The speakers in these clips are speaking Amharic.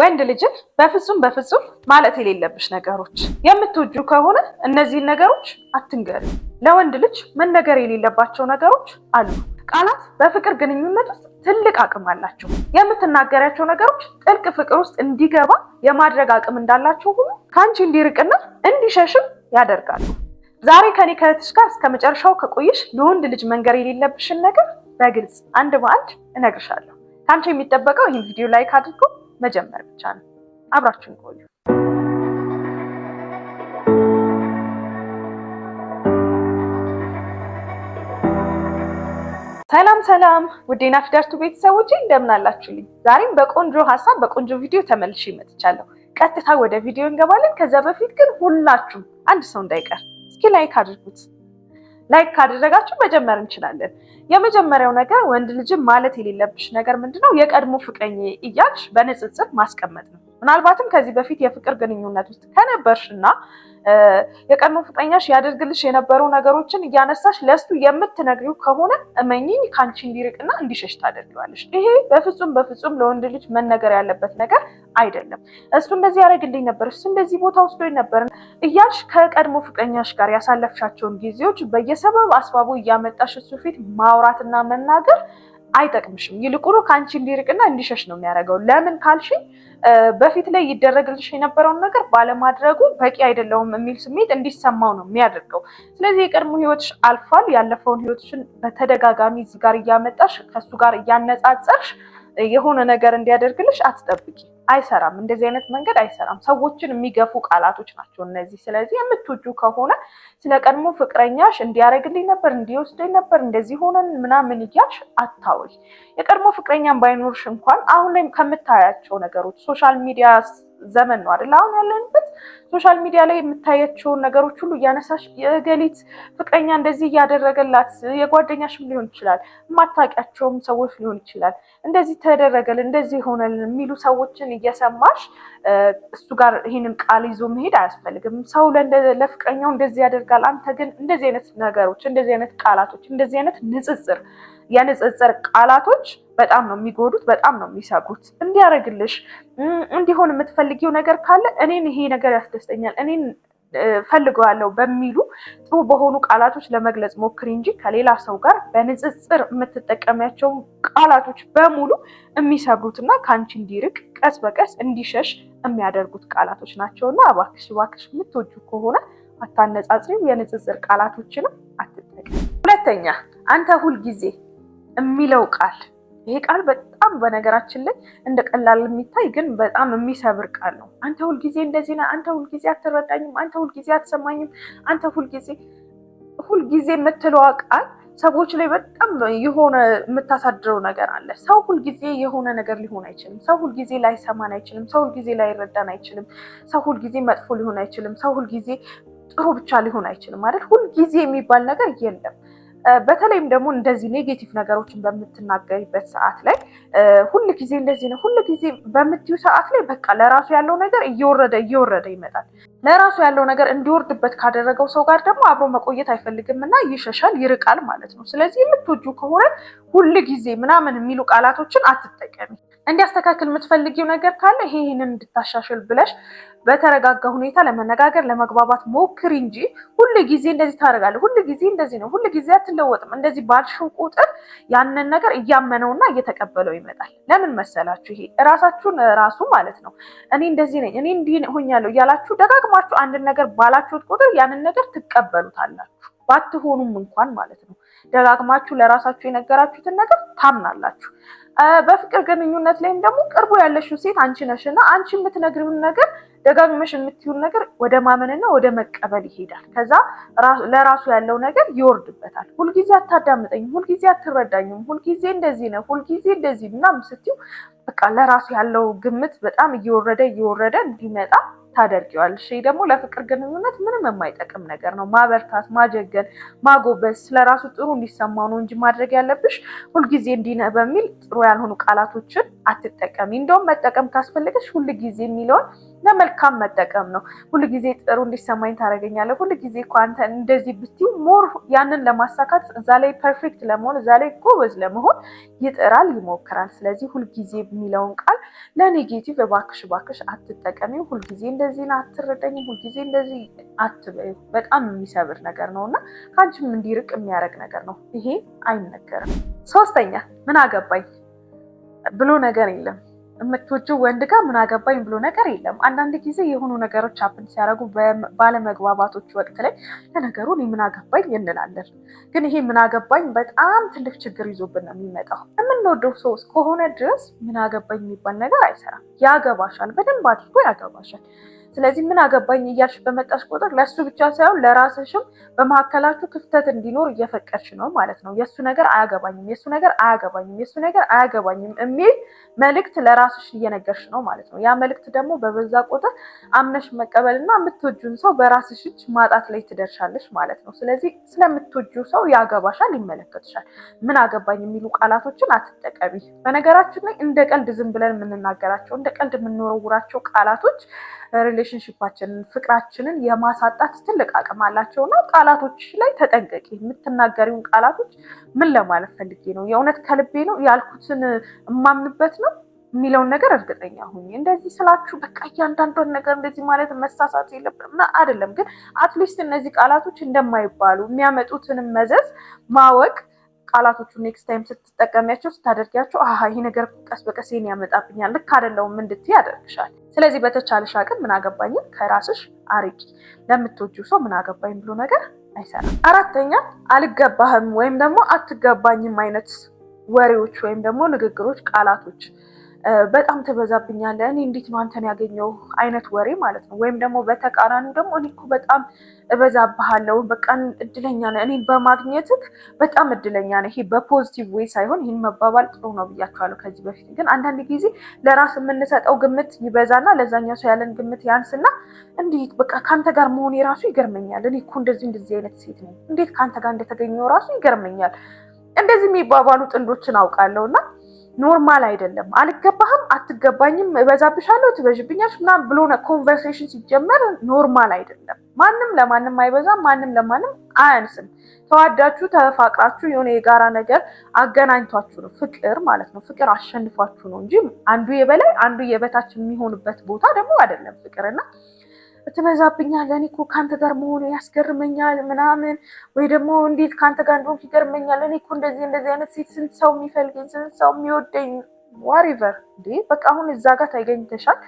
ወንድ ልጅን በፍጹም በፍጹም ማለት የሌለብሽ ነገሮች። የምትወጁ ከሆነ እነዚህን ነገሮች አትንገሪ። ለወንድ ልጅ መነገር የሌለባቸው ነገሮች አሉ። ቃላት በፍቅር ግንኙነት ውስጥ ትልቅ አቅም አላቸው። የምትናገሪያቸው ነገሮች ጥልቅ ፍቅር ውስጥ እንዲገባ የማድረግ አቅም እንዳላቸው ሁሉ ከአንቺ እንዲርቅና እንዲሸሽም ያደርጋሉ። ዛሬ ከኔ ከእህትሽ ጋር እስከ መጨረሻው ከቆየሽ ለወንድ ልጅ መንገር የሌለብሽን ነገር በግልጽ አንድ በአንድ እነግርሻለሁ። ከአንቺ የሚጠበቀው ይህን ቪዲዮ ላይክ አድርጎ መጀመር ብቻ ነው። አብራችን ቆዩ። ሰላም ሰላም፣ ውዴ ናፊዳርቱ ቤተሰቦቼ እንደምን አላችሁልኝ? ዛሬም በቆንጆ ሀሳብ በቆንጆ ቪዲዮ ተመልሼ መጥቻለሁ። ቀጥታ ወደ ቪዲዮ እንገባለን። ከዛ በፊት ግን ሁላችሁም አንድ ሰው እንዳይቀር እስኪ ላይክ አድርጉት። ላይክ ካደረጋችሁ መጀመር እንችላለን። የመጀመሪያው ነገር ወንድ ልጅም ማለት የሌለብሽ ነገር ምንድነው የቀድሞ ፍቅረኛ እያልሽ በንጽጽር ማስቀመጥ ነው። ምናልባትም ከዚህ በፊት የፍቅር ግንኙነት ውስጥ ከነበርሽ እና የቀድሞ ፍቅረኛሽ ያደርግልሽ የነበሩ ነገሮችን እያነሳሽ ለሱ የምትነግሪው ከሆነ እመኝኝ ከአንቺ እንዲርቅና እንዲሸሽ ታደርጊዋለሽ። ይሄ በፍጹም በፍጹም ለወንድ ልጅ መነገር ያለበት ነገር አይደለም። እሱ እንደዚህ ያደረግልኝ ነበር፣ እሱ እንደዚህ ቦታ ውስዶ ነበር እያልሽ ከቀድሞ ፍቅረኛሽ ጋር ያሳለፍሻቸውን ጊዜዎች በየሰበብ አስባቡ እያመጣሽ እሱ ፊት ማውራትና መናገር አይጠቅምሽም። ይልቁኑ ከአንቺ እንዲርቅና እንዲሸሽ ነው የሚያደርገው። ለምን ካልሽ በፊት ላይ ይደረግልሽ የነበረውን ነገር ባለማድረጉ በቂ አይደለውም የሚል ስሜት እንዲሰማው ነው የሚያደርገው። ስለዚህ የቀድሞ ህይወትሽ አልፏል። ያለፈውን ህይወትሽን በተደጋጋሚ እዚህ ጋር እያመጣሽ ከእሱ ጋር እያነጻጸርሽ የሆነ ነገር እንዲያደርግልሽ አትጠብቂ። አይሰራም። እንደዚህ አይነት መንገድ አይሰራም። ሰዎችን የሚገፉ ቃላቶች ናቸው እነዚህ። ስለዚህ የምትወጁ ከሆነ ስለ ቀድሞ ፍቅረኛሽ እንዲያደርግልኝ ነበር፣ እንዲወስደኝ ነበር፣ እንደዚህ ሆነን ምናምን እያልሽ አታወሪ። የቀድሞ ፍቅረኛን ባይኖርሽ እንኳን አሁን ላይ ከምታያቸው ነገሮች ሶሻል ሚዲያ ዘመን ነው አይደል? አሁን ያለንበት ሶሻል ሚዲያ ላይ የምታያቸውን ነገሮች ሁሉ እያነሳሽ የገሊት ፍቅረኛ እንደዚህ እያደረገላት የጓደኛሽም ሊሆን ይችላል፣ የማታውቂያቸውም ሰዎች ሊሆን ይችላል። እንደዚህ ተደረገልን፣ እንደዚህ ሆነልን የሚሉ ሰዎችን እየሰማሽ እሱ ጋር ይህንን ቃል ይዞ መሄድ አያስፈልግም። ሰው ለፍቅረኛው እንደዚህ ያደርጋል፣ አንተ ግን እንደዚህ አይነት ነገሮች፣ እንደዚህ አይነት ቃላቶች፣ እንደዚህ አይነት ንጽጽር የንጽጽር ቃላቶች በጣም ነው የሚጎዱት፣ በጣም ነው የሚሰጉት። እንዲያደርግልሽ እንዲሆን የምትፈልጊው ነገር ካለ እኔን ይሄ ነገር ያስደስተኛል፣ እኔን ፈልገዋለሁ በሚሉ ጥሩ በሆኑ ቃላቶች ለመግለጽ ሞክሪ እንጂ ከሌላ ሰው ጋር በንጽጽር የምትጠቀሚያቸው ቃላቶች በሙሉ የሚሰብሩትና ከአንቺ እንዲርቅ ቀስ በቀስ እንዲሸሽ የሚያደርጉት ቃላቶች ናቸው እና እባክሽ እባክሽ የምትወጁ ከሆነ አታነጻጽሪው፣ የንጽጽር ቃላቶችንም አትጠቀም። ሁለተኛ አንተ ሁልጊዜ የሚለው ቃል ይሄ ቃል በጣም በነገራችን ላይ እንደ ቀላል የሚታይ ግን በጣም የሚሰብር ቃል ነው። አንተ ሁልጊዜ እንደዚህ ነህ፣ አንተ ሁልጊዜ አትረዳኝም፣ አንተ ሁልጊዜ አትሰማኝም፣ አንተ ሁልጊዜ ሁልጊዜ የምትለዋ ቃል ሰዎች ላይ በጣም የሆነ የምታሳድረው ነገር አለ። ሰው ሁልጊዜ የሆነ ነገር ሊሆን አይችልም። ሰው ሁልጊዜ ላይሰማን አይችልም። ሰው ሁልጊዜ ላይረዳን አይችልም። ሰው ሁልጊዜ መጥፎ ሊሆን አይችልም። ሰው ሁልጊዜ ጥሩ ብቻ ሊሆን አይችልም። ማለት ሁልጊዜ የሚባል ነገር የለም። በተለይም ደግሞ እንደዚህ ኔጌቲቭ ነገሮችን በምትናገሪበት ሰዓት ላይ ሁል ጊዜ እንደዚህ ነው ሁል ጊዜ በምትዩ ሰዓት ላይ በቃ ለራሱ ያለው ነገር እየወረደ እየወረደ ይመጣል። ለራሱ ያለው ነገር እንዲወርድበት ካደረገው ሰው ጋር ደግሞ አብሮ መቆየት አይፈልግም እና ይሸሻል፣ ይርቃል ማለት ነው። ስለዚህ የምትወጁ ከሆነ ሁል ጊዜ ምናምን የሚሉ ቃላቶችን አትጠቀሚ። እንዲያስተካክል የምትፈልጊው ነገር ካለ ይሄ ይህንን እንድታሻሽል ብለሽ በተረጋጋ ሁኔታ ለመነጋገር ለመግባባት ሞክሪ እንጂ ሁል ጊዜ እንደዚህ ታደርጋለህ፣ ሁል ጊዜ እንደዚህ ነው፣ ሁል ጊዜ አትለወጥም፣ እንደዚህ ባልሽው ቁጥር ያንን ነገር እያመነውና እየተቀበለው ይመጣል። ለምን መሰላችሁ? ይሄ እራሳችሁን ራሱ ማለት ነው እኔ እንደዚህ ነኝ፣ እኔ እንዲህ ሆኛለሁ እያላችሁ ደጋግማችሁ አንድን ነገር ባላችሁት ቁጥር ያንን ነገር ትቀበሉታላችሁ፣ ባትሆኑም እንኳን ማለት ነው። ደጋግማችሁ ለራሳችሁ የነገራችሁትን ነገር ታምናላችሁ። በፍቅር ግንኙነት ላይም ደግሞ ቅርቡ ያለሽው ሴት አንቺ ነሽ እና አንቺ የምትነግሪውን ነገር ደጋግመሽ የምትዩን ነገር ወደ ማመንና ወደ መቀበል ይሄዳል። ከዛ ለራሱ ያለው ነገር ይወርድበታል። ሁልጊዜ አታዳምጠኝም፣ ሁልጊዜ አትረዳኝም፣ ሁልጊዜ እንደዚህ ነው፣ ሁልጊዜ እንደዚህ ምናምን ስትዩ በቃ ለራሱ ያለው ግምት በጣም እየወረደ እየወረደ እንዲመጣ ታደርጊዋለሽ። ይህ ደግሞ ለፍቅር ግንኙነት ምንም የማይጠቅም ነገር ነው። ማበርታት፣ ማጀገን፣ ማጎበዝ ስለራሱ ጥሩ እንዲሰማው ነው እንጂ ማድረግ ያለብሽ ሁልጊዜ እንዲነ በሚል ጥሩ ያልሆኑ ቃላቶችን አትጠቀሚ። እንደውም መጠቀም ካስፈለገሽ ሁልጊዜ የሚለውን ለመልካም መጠቀም ነው። ጊዜ ጥሩ እንዲሰማኝ ታደርገኛለህ። ሁልጊዜ እኮ አንተ እንደዚህ ብትይ ሞር ያንን ለማሳካት እዛ ላይ ፐርፌክት ለመሆን እዛ ላይ ጎበዝ ለመሆን ይጥራል፣ ይሞክራል። ስለዚህ ሁልጊዜ የሚለውን ቃል ለኔጌቲቭ እባክሽ እባክሽ አትጠቀሚ። ሁልጊዜ እንደዚህ አትርደኝ፣ ሁልጊዜ እንደዚህ አትበይ። በጣም የሚሰብር ነገር ነው እና ከአንቺም እንዲርቅ የሚያደርግ ነገር ነው። ይሄ አይነገርም። ሶስተኛ ምን አገባኝ ብሎ ነገር የለም። የምትወጂው ወንድ ጋር ምን አገባኝ ብሎ ነገር የለም። አንዳንድ ጊዜ የሆኑ ነገሮች አፕን ሲያደርጉ ባለመግባባቶች ወቅት ላይ ለነገሩ እኔ ምን አገባኝ እንላለን። ግን ይሄ ምን አገባኝ በጣም ትልቅ ችግር ይዞብን ነው የሚመጣው። የምንወደው ሰው እስከሆነ ድረስ ምን አገባኝ የሚባል ነገር አይሰራም። ያገባሻል፣ በደንብ አድርጎ ያገባሻል። ስለዚህ ምን አገባኝ እያልሽ በመጣሽ ቁጥር ለእሱ ብቻ ሳይሆን ለራስሽም በመካከላችሁ ክፍተት እንዲኖር እየፈቀድሽ ነው ማለት ነው። የእሱ ነገር አያገባኝም፣ የእሱ ነገር አያገባኝም፣ የእሱ ነገር አያገባኝም የሚል መልእክት ለራስሽ እየነገርሽ ነው ማለት ነው። ያ መልእክት ደግሞ በበዛ ቁጥር አምነሽ መቀበል እና የምትወጁን ሰው በራስሽ እጅ ማጣት ላይ ትደርሻለሽ ማለት ነው። ስለዚህ ስለምትወጁ ሰው ያገባሻል፣ ይመለከትሻል። ምን አገባኝ የሚሉ ቃላቶችን አትጠቀሚ። በነገራችን ላይ እንደ ቀልድ ዝም ብለን የምንናገራቸው እንደ ቀልድ የምንወረውራቸው ቃላቶች ሪሌሽንሽፓችንን ፍቅራችንን የማሳጣት ትልቅ አቅም አላቸው እና ቃላቶች ላይ ተጠንቀቂ። የምትናገሪውን ቃላቶች ምን ለማለት ፈልጌ ነው፣ የእውነት ከልቤ ነው ያልኩትን እማምንበት ነው የሚለውን ነገር እርግጠኛ ሁኝ። እንደዚህ ስላችሁ በቃ እያንዳንዷን ነገር እንደዚህ ማለት መሳሳት የለብንም አይደለም፣ ግን አትሊስት እነዚህ ቃላቶች እንደማይባሉ የሚያመጡትንም መዘዝ ማወቅ ቃላቶቹ ኔክስት ታይም ስትጠቀሚያቸው ስታደርጊያቸው፣ አሀ ይሄ ነገር ቀስ በቀስ ይሄን ያመጣብኛል፣ ልክ አይደለውም እንድትይ ያደርግሻል። ስለዚህ በተቻለሽ አቅም ምን አገባኝ? ከራስሽ አርቂ። ለምትወጂው ሰው ምን አገባኝ ብሎ ነገር አይሰራም። አራተኛ አልገባህም ወይም ደግሞ አትገባኝም አይነት ወሬዎች ወይም ደግሞ ንግግሮች፣ ቃላቶች በጣም ትበዛብኛለህ፣ እኔ እንዴት ነው አንተን ያገኘው አይነት ወሬ ማለት ነው። ወይም ደግሞ በተቃራኒው ደግሞ እኔ እኮ በጣም እበዛብሃለሁ፣ በቃ እድለኛ ነህ፣ እኔን በማግኘትህ በጣም እድለኛ ነህ። ይሄ በፖዚቲቭ ዌይ ሳይሆን ይህን መባባል ጥሩ ነው ብያቸዋለሁ ከዚህ በፊት። ግን አንዳንድ ጊዜ ለራስ የምንሰጠው ግምት ይበዛና ለዛኛው ሰው ያለን ግምት ያንስና እንዴት በቃ ከአንተ ጋር መሆን የራሱ ይገርመኛል፣ እኔ እኮ እንደዚህ እንደዚህ አይነት ሴት ነኝ፣ እንዴት ከአንተ ጋር እንደተገኘው ራሱ ይገርመኛል፣ እንደዚህ የሚባባሉ ጥንዶችን አውቃለሁ እና ኖርማል አይደለም። አልገባህም፣ አትገባኝም፣ እበዛብሻለሁ፣ ትበዥብኛለሽ ምናምን ብሎ ኮንቨርሴሽን ሲጀመር ኖርማል አይደለም። ማንም ለማንም አይበዛም፣ ማንም ለማንም አያንስም። ተዋዳችሁ ተፋቅራችሁ የሆነ የጋራ ነገር አገናኝቷችሁ ነው ፍቅር ማለት ነው። ፍቅር አሸንፏችሁ ነው እንጂ አንዱ የበላይ አንዱ የበታች የሚሆንበት ቦታ ደግሞ አይደለም ፍቅርና ትበዛብኛል። እኔ እኮ ከአንተ ጋር መሆኑ ያስገርመኛል ምናምን፣ ወይ ደግሞ እንዴት ከአንተ ጋር እንደሆንክ ይገርመኛል። እኔ እኮ እንደዚህ እንደዚህ አይነት ሴት ስንት ሰው የሚፈልገኝ ስንት ሰው የሚወደኝ ዋሪቨር እንዴ በቃ አሁን እዛ ጋር ታይገኝተሻል።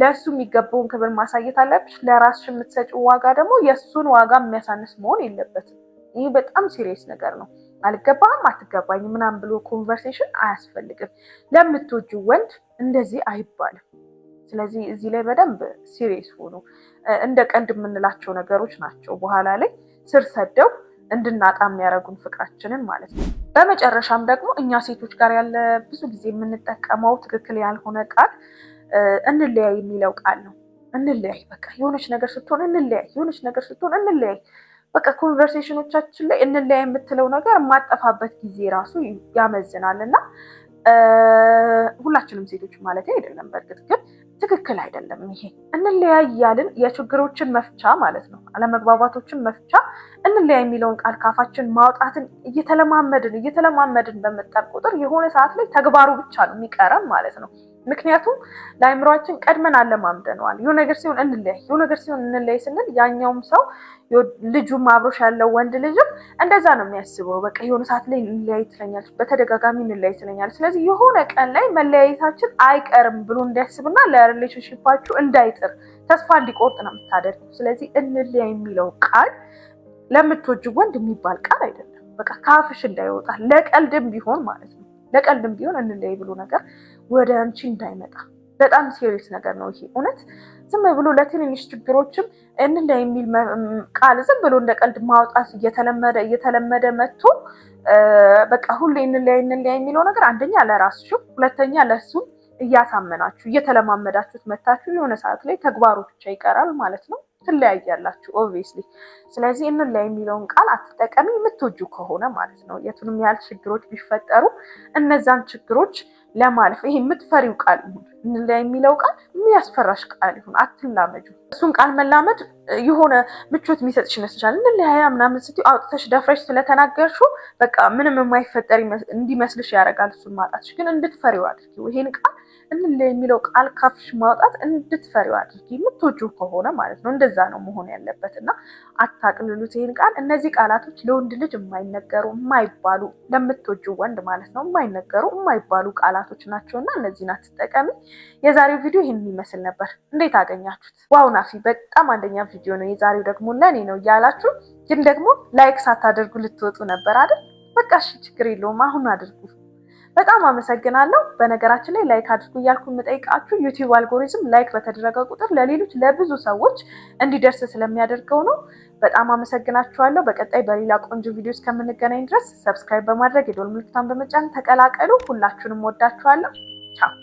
ለእሱ የሚገባውን ክብር ማሳየት አለብሽ። ለራስሽ የምትሰጪው ዋጋ ደግሞ የእሱን ዋጋ የሚያሳንስ መሆን የለበትም። ይህ በጣም ሲሪየስ ነገር ነው። አልገባም አትገባኝ ምናምን ብሎ ኮንቨርሴሽን አያስፈልግም። ለምትወጂው ወንድ እንደዚህ አይባልም። ስለዚህ እዚህ ላይ በደንብ ሲሪየስ ሆኑ። እንደ ቀንድ የምንላቸው ነገሮች ናቸው በኋላ ላይ ስር ሰደው እንድናጣ የሚያደርጉን ፍቅራችንን ማለት ነው። በመጨረሻም ደግሞ እኛ ሴቶች ጋር ያለ ብዙ ጊዜ የምንጠቀመው ትክክል ያልሆነ ቃል እንለያይ የሚለው ቃል ነው። እንለያይ በቃ የሆነች ነገር ስትሆን እንለያይ፣ የሆነች ነገር ስትሆን እንለያይ። በቃ ኮንቨርሴሽኖቻችን ላይ እንለያይ የምትለው ነገር የማጠፋበት ጊዜ ራሱ ያመዝናል እና ሁላችንም ሴቶች ማለት አይደለም በእርግጥ ግን ትክክል አይደለም። ይሄ እንለያይ እያልን የችግሮችን መፍቻ ማለት ነው አለመግባባቶችን መፍቻ እንለያይ የሚለውን ቃል ካፋችን ማውጣትን እየተለማመድን እየተለማመድን በመጣን ቁጥር የሆነ ሰዓት ላይ ተግባሩ ብቻ ነው የሚቀረም ማለት ነው። ምክንያቱም ለአይምሯችን ቀድመን አለማምደነዋል። የሆነ ነገር ሲሆን እንለይ፣ የሆነ ነገር ሲሆን እንለይ ስንል ያኛውም ሰው ልጁም አብሮሽ ያለው ወንድ ልጅም እንደዛ ነው የሚያስበው። በቃ የሆነ ሰዓት ላይ እንለያይ ትለኛለች፣ በተደጋጋሚ እንለያይ ትለኛለች። ስለዚህ የሆነ ቀን ላይ መለያየታችን አይቀርም ብሎ እንዲያስብና ለሪሌሽንሽፓችሁ እንዳይጥር ተስፋ እንዲቆርጥ ነው የምታደርግ። ስለዚህ እንለያይ የሚለው ቃል ለምትወጅ ወንድ የሚባል ቃል አይደለም። በቃ ካፍሽ እንዳይወጣ ለቀልድም ቢሆን ማለት ነው ለቀልድም ቢሆን እንለያይ ብሎ ነገር ወደ አንቺ እንዳይመጣ። በጣም ሴሪየስ ነገር ነው ይሄ እውነት። ዝም ብሎ ለትንንሽ ችግሮችም እንለ የሚል ቃል ዝም ብሎ እንደ ቀልድ ማውጣት እየተለመደ እየተለመደ መጥቶ በቃ ሁሌ እንለያ እንለያ የሚለው ነገር አንደኛ ለራስሽም፣ ሁለተኛ ለእሱም እያሳመናችሁ እየተለማመዳችሁት መታችሁ የሆነ ሰዓት ላይ ተግባሩ ብቻ ይቀራል ማለት ነው። ትለያያላችሁ ኦብቪየስሊ። ስለዚህ እንለያ የሚለውን ቃል አትጠቀሚ የምትወጁ ከሆነ ማለት ነው። የቱንም ያህል ችግሮች ቢፈጠሩ እነዛን ችግሮች ለማለፍ ይሄ የምትፈሪው ቃል ይሁን ላይ የሚለው ቃል የሚያስፈራሽ ቃል ይሁን አትላመጁ። እሱን ቃል መላመድ የሆነ ምቾት የሚሰጥሽ ይመስልሻል። እንለያያ ምናምን ስትይው አውጥተሽ ደፍረሽ ስለተናገርሹ በቃ ምንም የማይፈጠር እንዲመስልሽ ያደርጋል። እሱን ማጣትሽ ግን እንድትፈሪው አድርጊው ይሄን ቃል እንለ የሚለው ቃል ካፍሽ ማውጣት እንድትፈሪው አድርጊ፣ የምትወጂው ከሆነ ማለት ነው። እንደዛ ነው መሆን ያለበት እና አታቅልሉት ይህን ቃል። እነዚህ ቃላቶች ለወንድ ልጅ የማይነገሩ የማይባሉ፣ ለምትወጂው ወንድ ማለት ነው የማይነገሩ የማይባሉ ቃላቶች ናቸው እና እነዚህን አትጠቀሚ። የዛሬው ቪዲዮ ይህን ይመስል ነበር። እንዴት አገኛችሁት? ዋው ናፊ፣ በጣም አንደኛ ቪዲዮ ነው የዛሬው ደግሞ ለእኔ ነው እያላችሁ ግን ደግሞ ላይክ ሳታደርጉ ልትወጡ ነበር አይደል? በቃ እሺ፣ ችግር የለውም አሁን አድርጉ። በጣም አመሰግናለሁ። በነገራችን ላይ ላይክ አድርጉ እያልኩ የምጠይቃችሁ ዩቲዩብ አልጎሪዝም ላይክ በተደረገ ቁጥር ለሌሎች ለብዙ ሰዎች እንዲደርስ ስለሚያደርገው ነው። በጣም አመሰግናችኋለሁ። በቀጣይ በሌላ ቆንጆ ቪዲዮ እስከምንገናኝ ድረስ ሰብስክራይብ በማድረግ የዶል ምልክቷን በመጫን ተቀላቀሉ። ሁላችሁንም ወዳችኋለሁ። ቻው